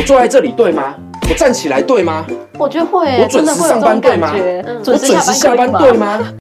我坐在這裡對嗎？我站起來對嗎？我覺得會，我準時上班對嗎？真的嗯、我準時下班對嗎？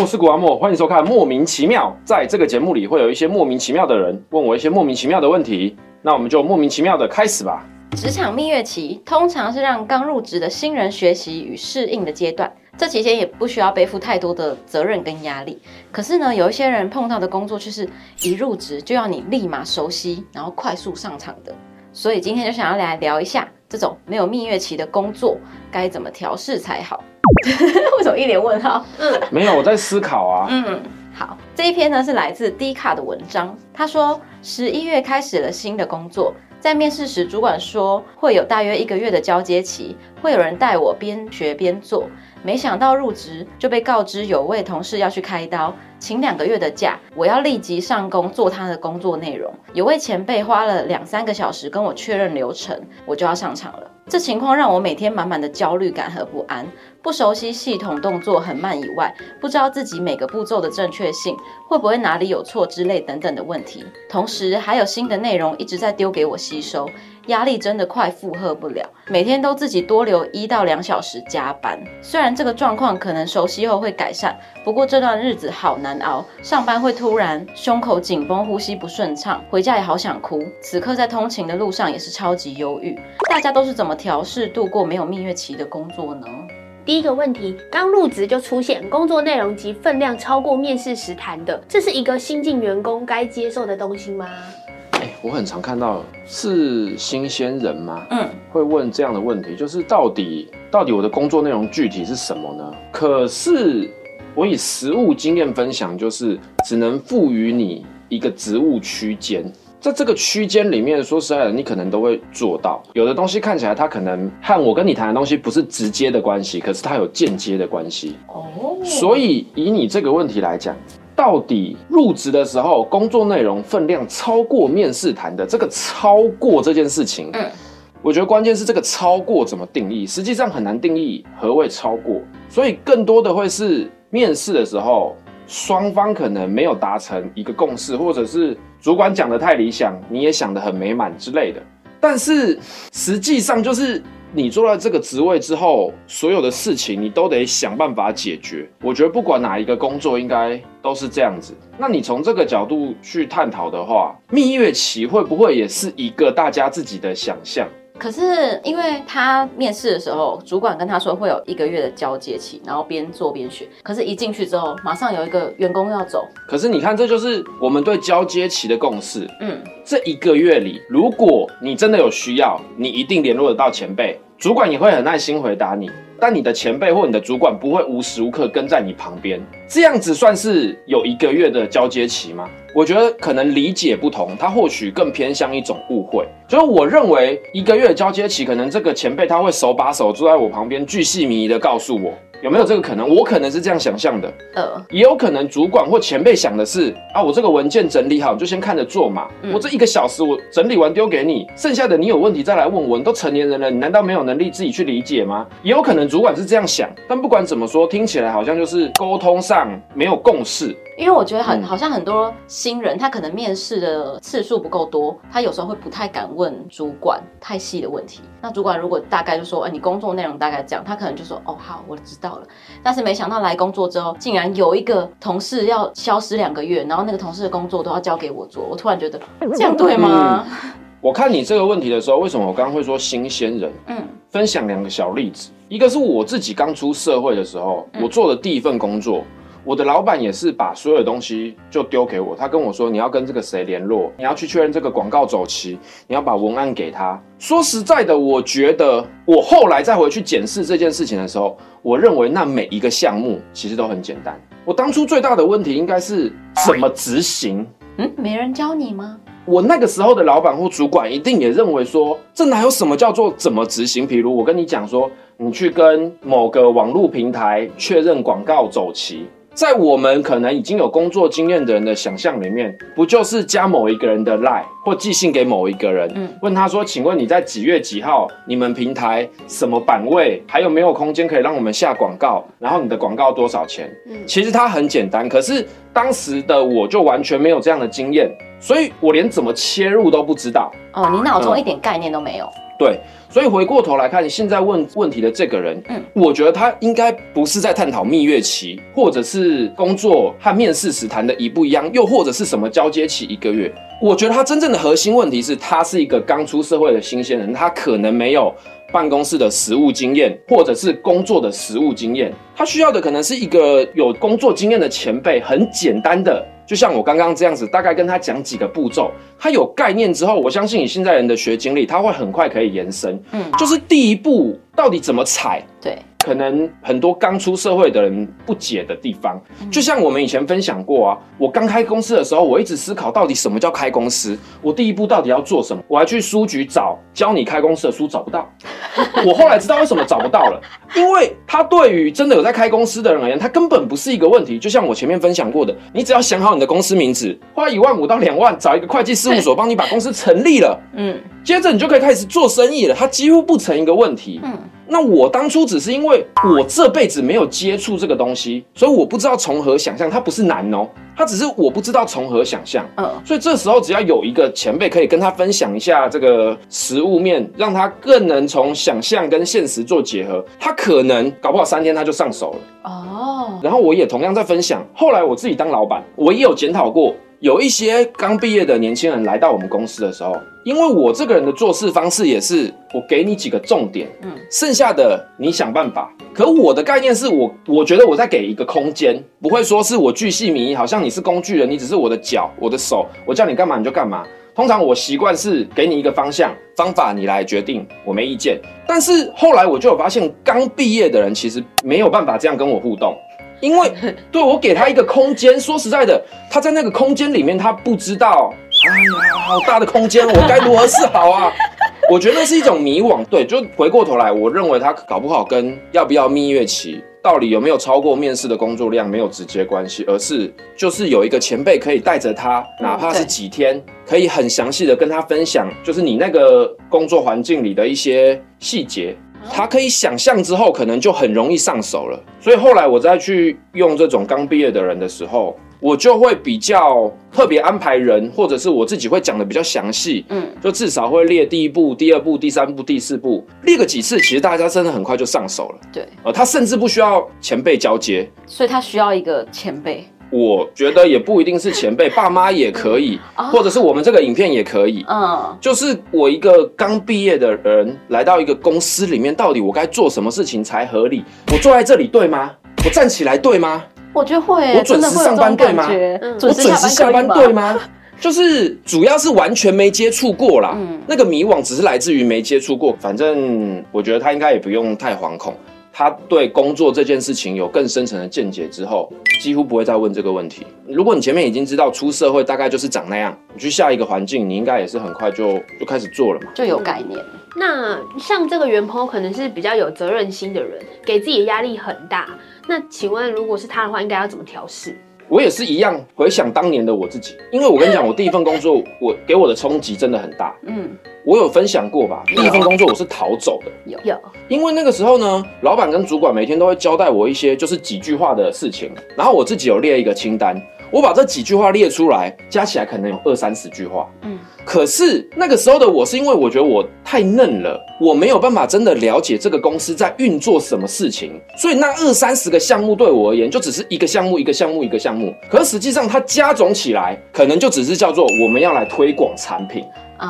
我是谷阿莫，歡迎收看《莫名其妙》。在這個節目裡，會有一些莫名其妙的人問我一些莫名其妙的問題，那我們就莫名其妙的開始吧。職場蜜月期通常是讓剛入職的新人學習與適應的階段。這期間也不需要背負太多的責任跟壓力。可是呢，有一些人碰到的工作就是一入職就要你立馬熟悉，然後快速上場的。所以今天就想要來聊一下這種沒有蜜月期的工作該怎麼調試才好。為什麼一臉問號？嗯，沒有，我在思考啊。嗯，好，這一篇呢是來自 Dcard 的文章，他說十一月開始了新的工作。在面試時，主管說會有大約一個月的交接期，會有人帶我邊學邊做。沒想到入職就被告知有位同事要去開刀，請兩個月的假，我要立即上工做他的工作內容。有位前輩花了兩三個小時跟我確認流程，我就要上場了。這情況讓我每天滿滿的焦慮感和不安，不熟悉系統動作很慢以外，不知道自己每個步驟的正確性，會不會哪裡有錯之類等等的問題，同時還有新的內容一直在丟給我吸收。壓力真的快負荷不了，每天都自己多留一到兩小時加班。雖然這個狀況可能熟悉後會改善，不過這段日子好難熬。上班會突然胸口緊繃，呼吸不順暢，回家也好想哭。此刻在通勤的路上也是超級憂鬱。大家都是怎麼調試度過沒有蜜月期的工作呢？第一個問題，剛入職就出現工作內容及分量超過面試時談的，這是一個新進員工該接受的東西嗎？我很常看到是新鮮人嗎？嗯，會問這樣的問題，就是到底到底我的工作內容具體是什麼呢？可是我以實務經驗分享，就是只能賦予你一個職務區間，在這個區間裡面，說實在的，你可能都會做到。有的東西看起來它可能和我跟你談的東西不是直接的關係，可是它有間接的關係。哦，哦，所以以你這個問題來講。到底入職的時候，工作內容分量超過面試談的這個超過這件事情，我覺得關鍵是這個超過怎麼定義，實際上很難定義何謂超過，所以更多的會是面試的時候，雙方可能沒有達成一個共識，或者是主管講得太理想，你也想得很美滿之類的，但是實際上就是。你做了這個職位之後，所有的事情你都得想辦法解決。我覺得不管哪一個工作，應該都是這樣子。那你從這個角度去探討的話，蜜月期會不會也是一個大家自己的想象？可是，因為他面試的時候，主管跟他說會有一個月的交接期，然後邊做邊學。可是，一進去之後，馬上有一個員工要走。可是，你看，這就是我們對交接期的共識。嗯，這一個月裡，如果你真的有需要，你一定聯絡得到前輩，主管也會很耐心回答你。但你的前輩或你的主管不會無時無刻跟在你旁邊，這樣子算是有一個月的交接期嗎？我覺得可能理解不同，他或許更偏向一種誤會。就是我認為一個月交接期，可能這個前輩他會手把手坐在我旁邊，巨細靡遺的告訴我。有沒有這個可能？我可能是這樣想象的，呃，也有可能主管或前輩想的是啊，我這個文件整理好你就先看着做嘛，嗯，我這一個小時我整理完丟給你，剩下的你有問題再來問我。你都成年人了，你難道沒有能力自己去理解嗎？也有可能主管是這樣想，但不管怎麼說，聽起來好像就是溝通上沒有共識。因為我覺得很好像很多新人，他可能面試的次數不夠多，他有時候會不太敢問主管太細的問題。那主管如果大概就說，哎、呃，你工作內容大概這樣，他可能就說，哦，好，我知道了。但是沒想到來工作之後，竟然有一個同事要消失兩個月，然後那個同事的工作都要交給我做，我突然覺得這樣對嗎？嗯。我看你這個問題的時候，為什麼我剛剛會說新鮮人？嗯，分享兩個小例子，一個是我自己剛出社會的時候，我做的第一份工作。嗯我的老闆也是把所有的東西就丟給我，他跟我說：“你要跟這個誰聯絡？你要去確認這個廣告走期？你要把文案給他。”說實在的，我覺得我後來再回去檢視這件事情的時候，我認為那每一個項目其實都很簡單。我當初最大的問題應該是怎麼執行？嗯，沒人教你嗎？我那個時候的老闆或主管一定也認為說，這哪有什麼叫做怎麼執行？比如我跟你講說，你去跟某個網絡平台確認廣告走期。在我們可能已經有工作經驗的人的想象裡面，不就是加某一個人的 line，或寄信給某一個人，問他說：“請問你在幾月幾號，你們平台什麼版位，還有沒有空間可以讓我們下廣告？然後你的廣告多少錢？”嗯，其實它很簡單，可是當時的我就完全沒有這樣的經驗。所以我連怎麼切入都不知道哦，你腦中一點概念都沒有，嗯。對，所以回過頭來看，你現在問問題的這個人，嗯，我覺得他應該不是在探討蜜月期，或者是工作和面試時談的一不一樣，又或者是什麼交接期一個月。我覺得他真正的核心問題是，他是一個剛出社會的新鮮人，他可能沒有。辦公室的實務經驗，或者是工作的實務經驗，他需要的可能是一個有工作經驗的前輩，很簡單的，就像我剛剛這樣子，大概跟他講幾個步驟，他有概念之後，我相信你現在人的學經歷，他會很快可以延伸。嗯，就是第一步到底怎麼踩？對。可能很多剛出社會的人不解的地方，就像我們以前分享過啊，我剛開公司的時候，我一直思考到底什麼叫開公司，我第一步到底要做什麼？我還去書局找教你開公司的書，找不到，我後來知道為什麼找不到了，因為他對於真的有在開公司的人而言，他根本不是一個問題。就像我前面分享過的，你只要想好你的公司名字，花一萬五到兩萬找一個會計事務所幫你把公司成立了，嗯，接着你就可以開始做生意了，它幾乎不成一個問題，那我當初只是因為我這輩子沒有接觸這個東西，所以我不知道從何想象。它不是難哦，它只是我不知道從何想象。嗯，uh. 所以這時候只要有一個前輩可以跟他分享一下這個實務面，讓他更能從想象跟現實做結合，他可能搞不好三天他就上手了。哦，oh. 然後我也同樣在分享。後來我自己當老板，我也有檢討過。有一些剛畢業的年輕人來到我們公司的時候，因為我這個人的做事方式也是，我給你幾個重點，嗯，剩下的你想辦法。可我的概念是我，我覺得我在給一個空間，不會說是我巨細靡遺。好像你是工具人，你只是我的腳、我的手，我叫你幹嘛你就幹嘛。通常我習慣是給你一個方向、方法，你來決定，我沒意見。但是後來我就有發現，剛畢業的人其實沒有辦法這樣跟我互動。因為對我給他一個空間，說實在的，他在那個空間裡面，他不知道，哎呀，好大的空間，我該如何是好啊？我覺得那是一種迷惘。對，就回過頭來，我認為他搞不好跟要不要蜜月期，到底有沒有超過面試的工作量沒有直接關係，而是就是有一個前輩可以帶着他，嗯、哪怕是幾天，可以很詳細的跟他分享，就是你那個工作環境裡的一些細節。他可以想象之後，可能就很容易上手了。所以後來我再去用這種剛畢業的人的時候，我就會比較特別安排人，或者是我自己會講得比較詳細，嗯，就至少會列第一步、第二步、第三步、第四步，列個幾次，其實大家真的很快就上手了。對，呃，他甚至不需要前輩交接，所以他需要一個前輩。我覺得也不一定是前輩，爸媽也可以，或者是我們這個影片也可以。嗯，就是我一個剛畢業的人來到一個公司裡面，到底我該做什麼事情才合理？我坐在這裡對嗎？我站起來對嗎？我覺得會，我準時上班對嗎？我準時下班對嗎？就是主要是完全沒接觸過啦。那個迷惘只是來自於沒接觸過。反正我覺得他應該也不用太惶恐。他對工作這件事情有更深層的見解之後，幾乎不會再問這個問題。如果你前面已經知道出社會大概就是長那樣，你去下一個環境，你應該也是很快就就開始做了嘛，就有概念、嗯。那像這個原朋友可能是比較有責任心的人，給自己的壓力很大。那請問，如果是他的話，應該要怎麼調適？我也是一樣，回想當年的我自己，因為我跟你講，我第一份工作，我給我的衝擊真的很大。嗯，我有分享過吧，第一份工作我是逃走的，有有，有因為那個時候呢，老闆跟主管每天都會交代我一些就是幾句話的事情，然後我自己有列一個清單。我把這幾句話列出來，加起來可能有二三十句話。嗯，可是那個時候的我是因為我覺得我太嫩了，我沒有辦法真的了解這個公司在運作什麼事情，所以那二三十個項目對我而言就只是一個項目一個項目一個項目。可是實際上它加總起來，可能就只是叫做我們要來推廣產品。啊、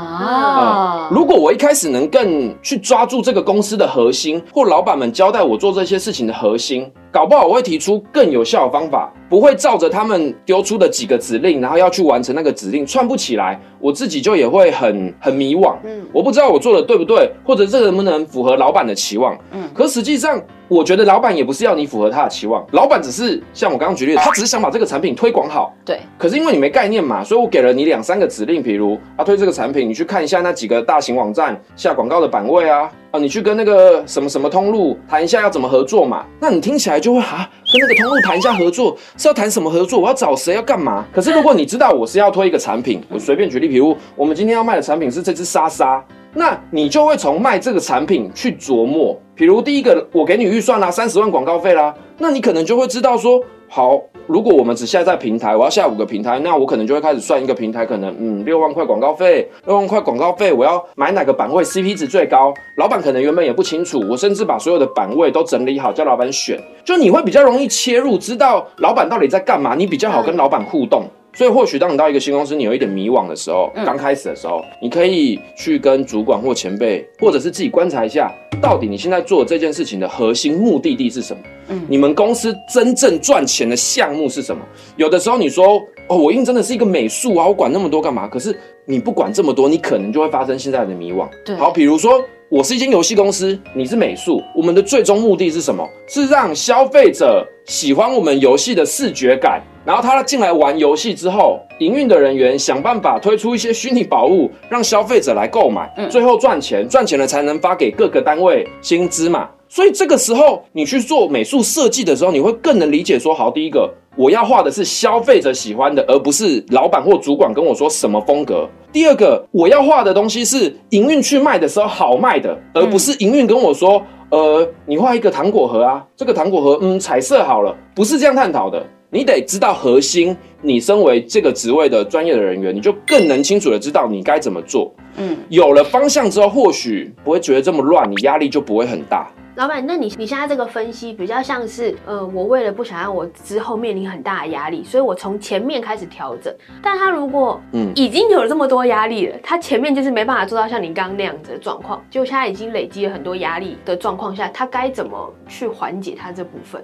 oh. 嗯，如果我一開始能更去抓住這個公司的核心，或老闆們交代我做這些事情的核心，搞不好我會提出更有效的方法，不會照着他們丟出的幾個指令，然後要去完成那個指令串不起來，我自己就也會很很迷惘。嗯，我不知道我做的對不對，或者這能不能符合老闆的期望。嗯，可實際上，我覺得老闆也不是要你符合他的期望，老闆只是像我剛剛舉例，他只是想把這個產品推廣好。對，可是因為你沒概念嘛，所以我給了你兩三個指令，比如啊推這個產品。你去看一下那幾個大型網站下廣告的版位啊，啊，你去跟那個什麼什麼通路談一下要怎麼合作嘛？那你聽起來就會啊，跟那個通路談一下合作是要談什麼合作？我要找誰要幹嘛？可是如果你知道我是要推一個產品，我隨便舉例，比如我們今天要賣的產品是這支莎莎，那你就會從賣這個產品去琢磨，比如第一個我給你預算啦，三十萬廣告費啦，那你可能就會知道說好，如果我們只下載平台，我要下五個平台，那我可能就會開始算一個平台，可能嗯六萬塊廣告費，六萬塊廣告費，我要買哪個版位 CP 值最高？老板可能原本也不清楚，我甚至把所有的版位都整理好，叫老板選，就你會比較容易切入，知道老板到底在幹嘛，你比較好跟老板互動。所以，或許當你到一個新公司，你有一點迷惘的時候，嗯、剛開始的時候，你可以去跟主管或前輩，嗯、或者是自己觀察一下，到底你現在做的這件事情的核心目的地是什麼？嗯、你們公司真正賺錢的項目是什麼？有的時候你說，哦，我印真的是一個美術啊，我管那麼多幹嘛？可是你不管這麼多，你可能就會發生現在的迷惘。對，好，比如說我是一間遊戲公司，你是美術，我們的最終目的是什麼？是讓消費者。喜歡我們遊戲的視覺感，然後他進來玩遊戲之後，營運的人員想辦法推出一些虛擬寶物，讓消費者來購買，嗯、最後賺錢，賺錢了才能發給各個單位薪資嘛。所以這個時候你去做美術設計的時候，你會更能理解說：好，第一個我要畫的是消費者喜歡的，而不是老闆或主管跟我說什麼風格；第二個我要畫的東西是營運去賣的時候好賣的，而不是營運跟我說。呃，你畫一個糖果盒啊，這個糖果盒，嗯，彩色好了，不是這樣探討的。你得知道核心。你身為這個職位的專業的人員，你就更能清楚的知道你該怎麼做。嗯，有了方向之後，或許不會覺得這麼亂，你壓力就不會很大。老闆，那你你現在這個分析比較像是，呃，我為了不想讓我之後面臨很大的壓力，所以我從前面開始調整。但他如果嗯已經有了這麼多壓力了，他前面就是沒辦法做到像你剛剛那樣子的狀況，就現在已經累積了很多壓力的狀況下，他該怎麼去緩解他這部分？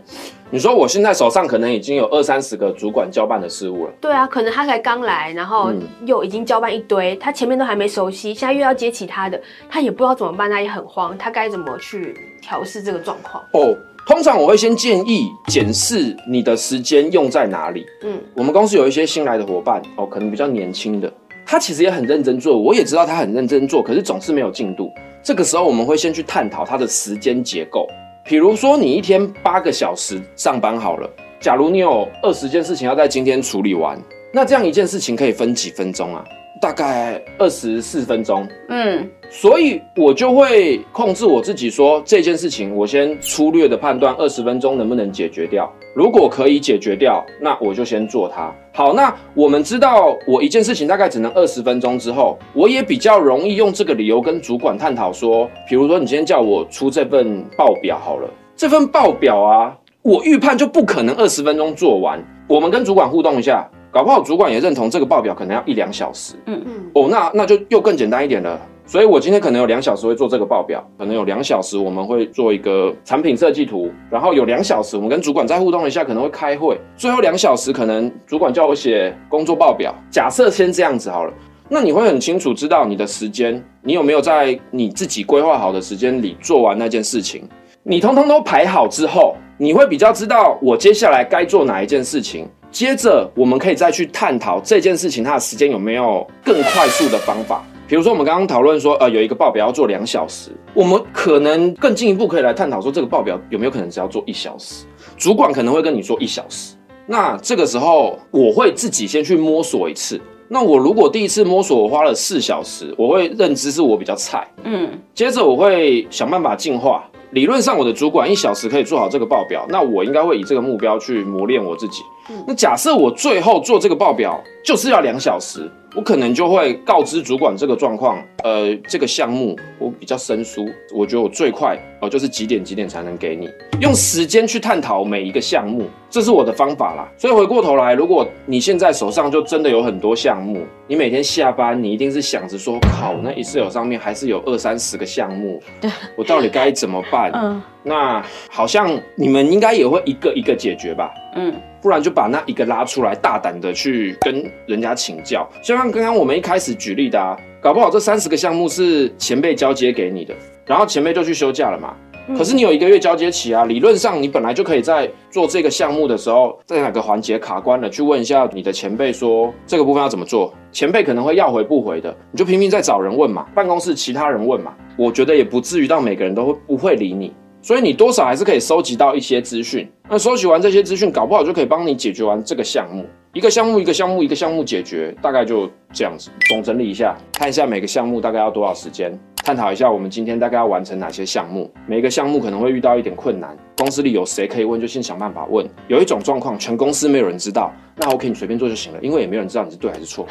你說我現在手上可能已經有二三十個主管交辦的事務了，對啊，可能他才剛來，然後又已經交辦一堆，他前面都還沒熟悉，現在又要接其他的，他也不知道怎麼辦，他也很慌，他該怎麼去？調試這個狀況哦，oh, 通常我會先建議檢視你的時間用在哪裡。嗯，我們公司有一些新來的夥伴哦，oh, 可能比較年輕的，他其實也很認真做，我也知道他很認真做，可是總是沒有進度。這個時候我們會先去探討他的時間結構，比如說你一天八個小時上班好了，假如你有二十件事情要在今天處理完，那這樣一件事情可以分幾分鐘啊？大概二十四分鐘，嗯，所以我就會控制我自己說，這件事情，我先粗略的判斷二十分鐘能不能解決掉。如果可以解決掉，那我就先做它。好，那我們知道我一件事情大概只能二十分鐘之後，我也比較容易用這個理由跟主管探討說，比如說你今天叫我出這份報表好了，這份報表啊，我預判就不可能二十分鐘做完，我們跟主管互動一下。搞不好主管也認同這個報表可能要一兩小時。嗯嗯。哦、oh，那那就又更簡單一點了。所以我今天可能有兩小時會做這個報表，可能有兩小時我們會做一個產品設計圖，然後有兩小時我們跟主管再互動一下，可能會開會。最後兩小時可能主管叫我寫工作報表，假設先這樣子好了。那你會很清楚知道你的時間，你有沒有在你自己規劃好的時間裡做完那件事情？你通通都排好之後。你會比較知道我接下來該做哪一件事情。接着，我們可以再去探討這件事情它的時間有沒有更快速的方法。比如說，我們剛剛討論說，呃，有一個報表要做兩小時，我們可能更進一步可以來探討說，這個報表有沒有可能只要做一小時？主管可能會跟你說一小時。那這個時候，我會自己先去摸索一次。那我如果第一次摸索我花了四小時，我會認知是我比較菜，嗯。接着，我會想辦法進化。理論上，我的主管一小時可以做好這個報表，那我應該會以這個目標去磨練我自己。那假設我最後做這個報表就是要兩小時，我可能就會告知主管這個狀況。呃，這個項目我比較生疏，我覺得我最快哦、呃、就是幾點幾點才能給你用時間去探討每一個項目，這是我的方法啦。所以回過頭來，如果你現在手上就真的有很多項目，你每天下班你一定是想着說，靠，那一次有上面還是有二三十個項目，對我到底該怎麼辦？ 嗯。那好像你們應該也會一個一個解決吧？嗯，不然就把那一個拉出來，大膽的去跟人家請教。就像剛剛我們一開始舉例的，啊，搞不好這三十個項目是前輩交接給你的，然後前輩就去休假了嘛。嗯，可是你有一個月交接期啊，理論上你本來就可以在做這個項目的時候，在哪個環節卡關了，去問一下你的前輩說這個部分要怎麼做。前輩可能會要回不回的，你就拼命在找人問嘛，辦公室其他人問嘛，我覺得也不至於到每個人都會不會理你。所以你多少還是可以收集到一些資訊。那收集完這些資訊，搞不好就可以幫你解決完這個項目。一個項目一個項目一個項目解決，大概就這樣子。總整理一下，看一下每個項目大概要多少時間，探討一下我們今天大概要完成哪些項目。每一個項目可能會遇到一點困難，公司裡有誰可以問就先想辦法問。有一種狀況，全公司沒有人知道，那 OK 你隨便做就行了，因為也沒有人知道你是對還是錯。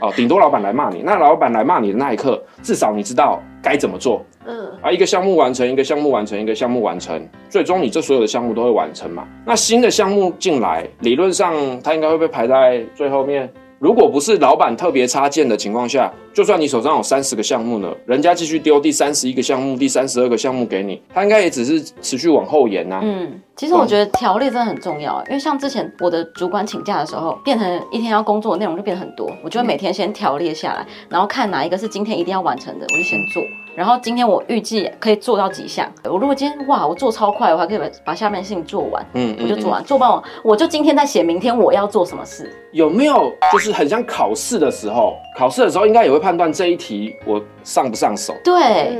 哦，頂多老闆來罵你。那老闆來罵你的那一刻，至少你知道。該怎麼做？嗯，啊，一個項目完成，一個項目完成，一個項目完成，最終你這所有的項目都會完成嘛。那新的項目進來，理論上它應該會被排在最後面。如果不是老板特別插件的情況下，就算你手上有三十個項目呢，人家繼續丟第三十一個項目、第三十二個項目給你，它應該也只是持續往後延吶、啊。嗯。其實我覺得條列真的很重要，嗯、因為像之前我的主管請假的時候，變成一天要工作的內容就變得很多，我就會每天先條列下來，嗯、然後看哪一個是今天一定要完成的，我就先做。然後今天我預計可以做到幾項，我如果今天哇我做超快的話，我可以把把下面的事情做完，嗯，我就做完，嗯、做不完我就今天再寫明天我要做什麼事。有沒有就是很像考試的時候？考試的時候應該也會判斷這一題我上不上手，對，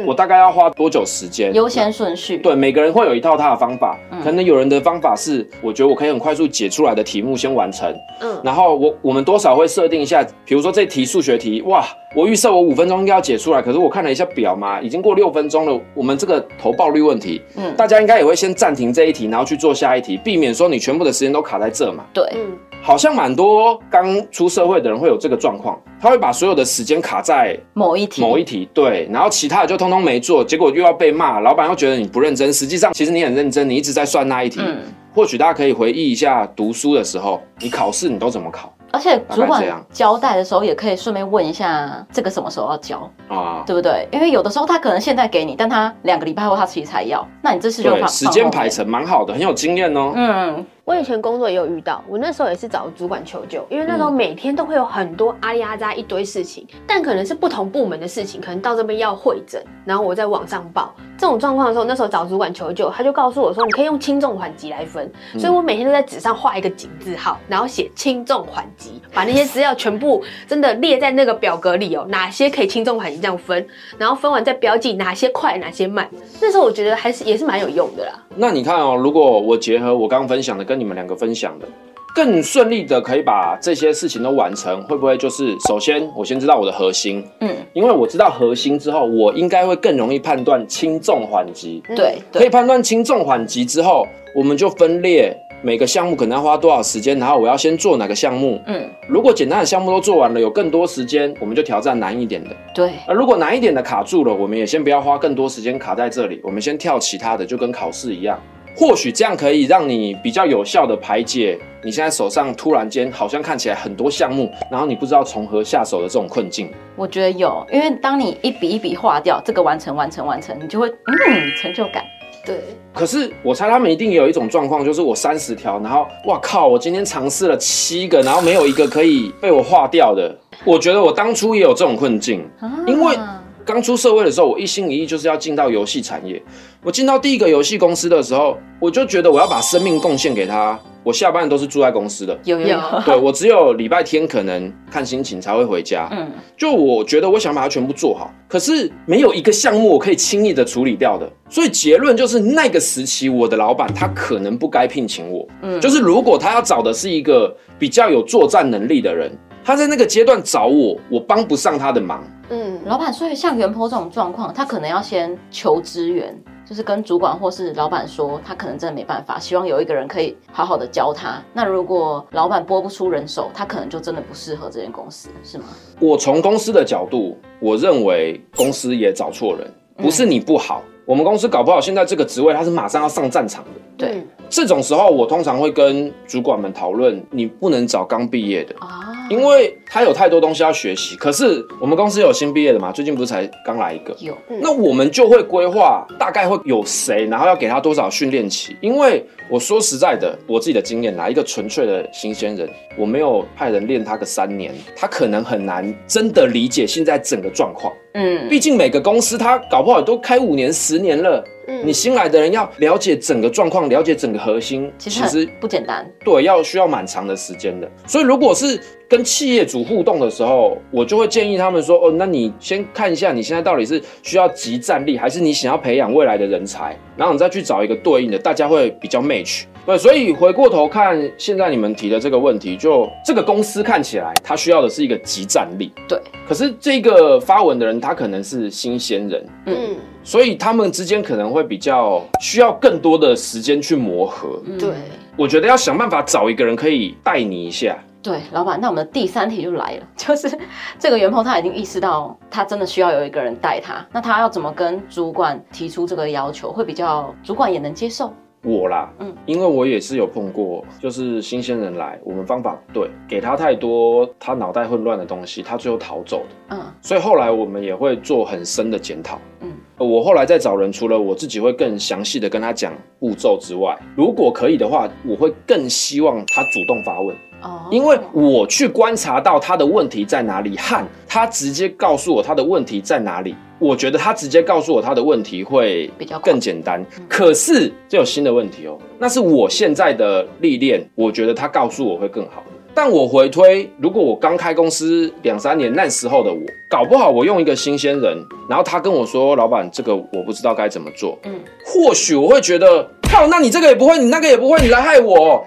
我大概要花多久時間，嗯、那、優先順序，對每個人會有一套他的方法，可能有人的方法是我覺得我可以很快速解出來的題目先完成，嗯，然後我我們多少會設定一下，比如說這題數學題，哇。我預設我五分鐘應該要解出來，可是我看了一下表嘛，已經過六分鐘了。我們這個投報率問題，嗯，大家應該也會先暫停這一題，然後去做下一題，避免說你全部的時間都卡在這嘛。對，嗯，好像蠻多剛出社會的人會有這個狀況，他會把所有的時間卡在某一題，某一題，對，然後其他的就通通沒做，結果又要被罵，老闆又覺得你不認真。實際上，其實你很認真，你一直在算那一題。嗯，或許大家可以回憶一下讀書的時候，你考試你都怎麼考？而且主管交代的時候，也可以順便問一下這個什麼時候要交啊，對不對？因為有的時候他可能現在給你，但他兩個禮拜後他其實才要，那你這次，就時間排程，蠻好的，很有經驗哦、喔。嗯。我以前工作也有遇到，我那時候也是找主管求救，因為那時候每天都會有很多阿里阿雜一堆事情，嗯、但可能是不同部門的事情，可能到這邊要會診，然後我在網上報這種狀況的時候，那時候找主管求救，他就告訴我說，你可以用輕重緩急來分，嗯、所以我每天都在紙上畫一個井字號，然後寫輕重緩急，把那些資料全部真的列在那個表格裡哦，哪些可以輕重緩急這樣分，然後分完再標記哪些快哪些慢，那時候我覺得還是也是蠻有用的啦。那你看哦，如果我結合我剛剛分享的跟你們兩個分享的，更順利的可以把這些事情都完成，會不會就是首先我先知道我的核心？嗯，因為我知道核心之後，我應該會更容易判斷輕重緩急。對、嗯，可以判斷輕重緩急之後，我們就分裂。每個項目可能要花多少時間？然後我要先做哪個項目？嗯，如果簡單的項目都做完了，有更多時間，我們就挑戰難一點的。對，而如果難一點的卡住了，我們也先不要花更多時間卡在這裡，我們先跳其他的，就跟考試一樣，或許這樣可以讓你比較有效的排解你現在手上突然間好像看起來很多項目，然後你不知道從何下手的這種困境。我覺得有，因為當你一筆一筆畫掉這個完成、完成、完成，你就會，嗯，成就感。對，可是我猜他們一定有一種狀況，就是我三十條，然後哇靠，我今天嘗試了七個，然後沒有一個可以被我劃掉的。我覺得我當初也有這種困境，啊、因為剛出社會的時候，我一心一意就是要進到遊戲產業。我進到第一個遊戲公司的時候，我就覺得我要把生命貢獻給他。我下班都是住在公司的，有有，有對，對，我只有禮拜天可能看心情才會回家。嗯， 就我覺得我想把它全部做好，可是沒有一個項目我可以輕易的處理掉的。所以結論就是，那個時期我的老闆他可能不該聘請我。嗯，就是如果他要找的是一個比較有作戰能力的人，他在那個階段找我，我幫不上他的忙。嗯，老闆。所以像原 PO 這種狀況，他可能要先求支援。就是跟主管或是老闆說，他可能真的沒辦法，希望有一個人可以好好的教他。那如果老闆撥不出人手，他可能就真的不適合這間公司，是嗎？我從公司的角度，我認為公司也找錯人，不是你不好。嗯、我們公司搞不好現在這個職位他是馬上要上戰場的。對，嗯、這種時候我通常會跟主管們討論，你不能找剛畢業的啊。因為他有太多東西要學習，可是我們公司有新畢業的嘛，最近不是才剛來一個？有，嗯、那我們就會規劃大概會有誰，然後要給他多少訓練期，因為。我說實在的，我自己的經驗來。一個純粹的新鮮人，我沒有派人練他個三年，他可能很難真的理解現在整個狀況。嗯，畢竟每個公司他搞不好都開五年、十年了。嗯，你新來的人要了解整個狀況，了解整個核心，其實不簡單。對，要需要蠻長的時間的。所以如果是跟企業主互動的時候，我就會建議他們說，哦，那你先看一下你現在到底是需要即戰力，還是你想要培養未來的人才。然後你再去找一個對應的，大家會比較 match。對，所以回過頭看，現在你們提的這個問題，就這個公司看起來，它需要的是一個即戰力。對，可是這個發文的人，他可能是新鮮人，嗯，所以他們之間可能會比較需要更多的時間去磨合。嗯、對，我覺得要想辦法找一個人可以帶你一下。對，老闆，那我們的第三題就來了，就是這個員工他已經意識到，他真的需要有一個人帶他，那他要怎麼跟主管提出這個要求，會比較主管也能接受？我啦，嗯，因為我也是有碰過，就是新鮮人來，我們方法不對，給他太多他腦袋混亂的東西，他最後逃走的，嗯，所以後來我們也會做很深的檢討。嗯我後來再找人，除了我自己會更詳細的跟他講步驟之外，如果可以的話，我會更希望他主動發問哦，因為我去觀察到他的問題在哪裡，和他直接告訴我他的問題在哪裡，我覺得他直接告訴我他的問題會比較更簡單。可是這有新的問題哦，那是我現在的歷練，我覺得他告訴我會更好。但我回推，如果我剛開公司兩三年那時候的我，搞不好我用一個新鮮人，然後他跟我說：“老闆，這個我不知道該怎麼做。”嗯，或許我會覺得：“靠，那你這個也不會，你那個也不會，你來害我。”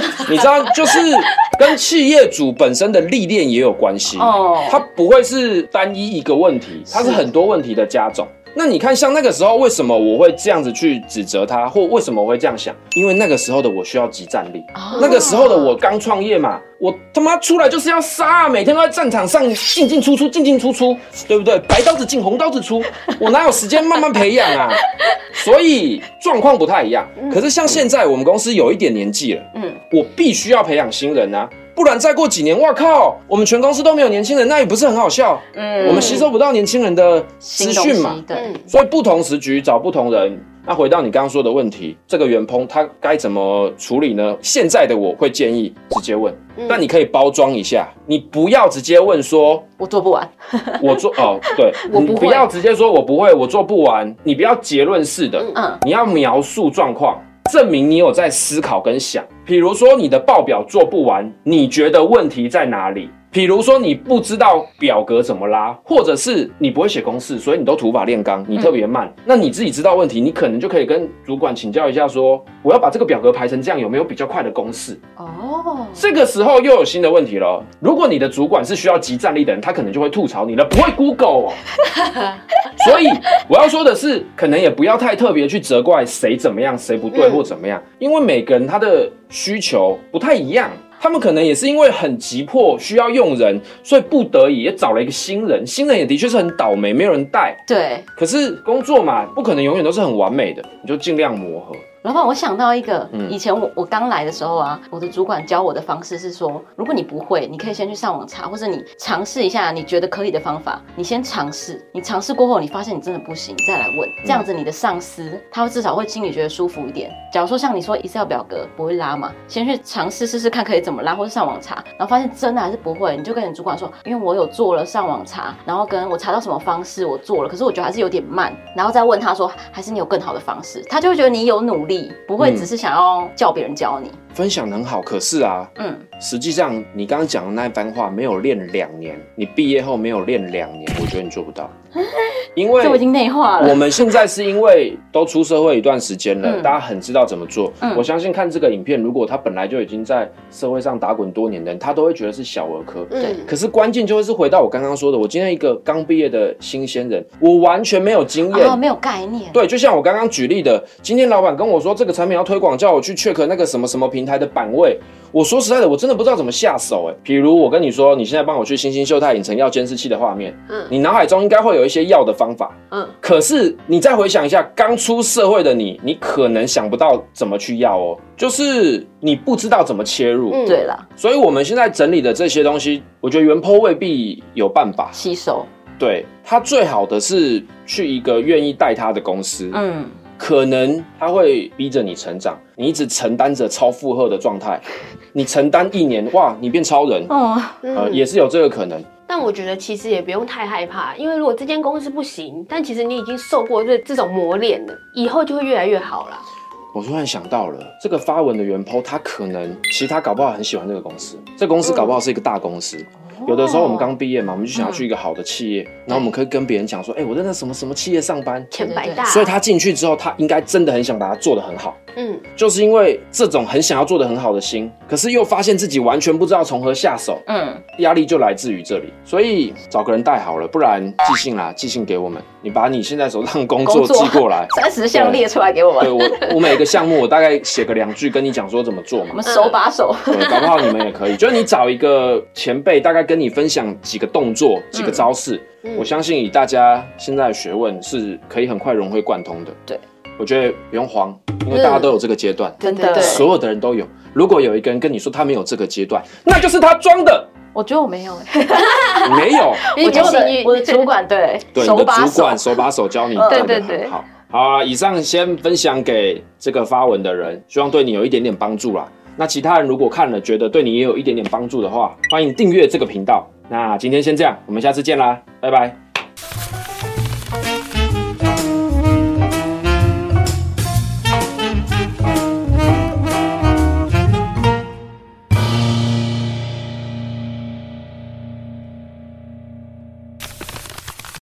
你知道，就是跟企業主本身的歷練也有關係哦。他、oh. 不會是單一一個問題，他是很多問題的加總。是嗯那你看，像那個時候，為什麼我會這樣子去指責他，或為什麼我會這樣想？因為那個時候的我需要即戰力，那個時候的我剛創業嘛，我他媽出來就是要殺啊，每天都在戰場上進進出出，進進出出，對不對？白刀子進紅刀子出，我哪有時間慢慢培養啊？所以狀況不太一樣。可是像現在，我們公司有一點年紀了，嗯，我必須要培養新人啊。不然再過幾年，哇靠，我們全公司都沒有年輕人，那也不是很好笑。嗯，我們吸收不到年輕人的資訊嘛。對，所以不同時局找不同人。那回到你剛剛說的問題，這個原 PO 他該怎麼處理呢？現在的我會建議直接問。那、嗯、你可以包裝一下，你不要直接問說我做不完，我做哦，對，我不，不要直接說我不會，我做不完。你不要結論式的，嗯，你要描述狀況，證明你有在思考跟想。比如說，你的報表做不完，你覺得問題在哪裡？比如說，你不知道表格怎麼拉，或者是你不會寫公式，所以你都土法煉鋼，你特別慢。嗯、那你自己知道問題，你可能就可以跟主管請教一下說，說我要把這個表格排成這樣，有沒有比較快的公式？哦，這個時候又有新的問題了。如果你的主管是需要即戰力的人，他可能就會吐槽你了，不會 Google。 所以我要說的是，可能也不要太特別去責怪誰怎麼樣，誰不對或怎麼樣，嗯、因為每個人他的需求不太一樣。他們可能也是因為很急迫需要用人，所以不得已也找了一個新人。新人也的確是很倒霉，沒有人帶。對，可是工作嘛，不可能永遠都是很完美的，你就儘量磨合。老闆，我想到一個，以前我我剛來的時候啊，我的主管教我的方式是說，如果你不會，你可以先去上網查，或者你嘗試一下你覺得可以的方法，你先嘗試，你嘗試過後，你發現你真的不行，你再來問。這樣子你的上司他會至少會心裡覺得舒服一點。假如說像你說 Excel 表格不會拉嘛，先去嘗試試試看可以怎麼拉，或者上網查，然後發現真的還是不會，你就跟你主管說，因為我有做了上網查，然後跟我查到什麼方式我做了，可是我覺得還是有點慢，然後再問他說，還是你有更好的方式，他就會覺得你有努力。不會只是想要叫別人教你，嗯，分享很好，可是啊，嗯，實際上你剛剛講的那一番話沒有練兩年，你畢業後沒有練兩年，我覺得你做不到。 因為我們現在是因為都出社會一段時間了，嗯、大家很知道怎麼做。嗯、我相信看這個影片，如果他本來就已經在社會上打滾多年的人，他都會覺得是小兒科。嗯、可是關鍵就會是回到我剛剛說的，我今天一個剛畢業的新鮮人，我完全沒有經驗，哦，沒有概念。對，就像我剛剛舉例的，今天老闆跟我說這個產品要推廣，叫我去 check 那個什麼什麼平台的版位。我說實在的，我真的不知道怎麼下手哎、欸。比如我跟你說，你現在幫我去星星秀泰影城要監視器的畫面，嗯，你腦海中應該會有一些要的方法，嗯。可是你再回想一下，剛出社會的你，你可能想不到怎麼去要哦、喔，就是你不知道怎麼切入。嗯、對啦，所以我們現在整理的這些東西，我覺得原 PO 未必有辦法吸收。洗手對他最好的是去一個願意帶他的公司，嗯，可能他會逼着你成長，你一直承擔着超負荷的狀態。 你承擔一年，哇，你變超人，哦、嗯、呃，也是有這個可能。但我覺得其實也不用太害怕，因為如果這間公司不行，但其實你已經受過這這種磨練了，以後就會越來越好了。我突然想到了，這個發文的原 po 他可能其實他搞不好很喜歡這個公司，這個公司搞不好是一個大公司。嗯有的時候我們剛畢業嘛，我們就想要去一個好的企業，嗯、然後我們可以跟別人講說，哎、欸，我在那什麼什麼企業上班，前百大，所以他進去之後，他應該真的很想把它做得很好，嗯，就是因為這種很想要做得很好的心，可是又發現自己完全不知道從何下手，嗯，壓力就來自於這裡，所以找個人帶好了，不然寄信啦，寄信給我們，你把你現在手上工作寄過來，三十項列出來給我們，對，對我， 我每個項目我大概寫個兩句跟你講說怎麼做嘛，我們手把手對對，搞不好你們也可以，就是你找一個前輩大概。跟你分享幾個動作、幾個招式，嗯嗯、我相信以大家現在的學問，是可以很快融會貫通的。對，我覺得不用慌，因為大家都有這個階段，真的，對對對，所有的人都有。如果有一個人跟你說他沒有這個階段，對對對，那就是他裝的。我覺得我沒有、欸，哎，沒有，沒有我就是你我的主管對，對，手把手對，你的主管手把手教你，呃、對，對對對，好，好啊。以上先分享給這個發文的人，希望對你有一點點幫助啦、啊。那其他人如果看了覺得對你也有一點點幫助的話，歡迎訂閱這個頻道。那今天先這樣，我們下次見啦，拜拜。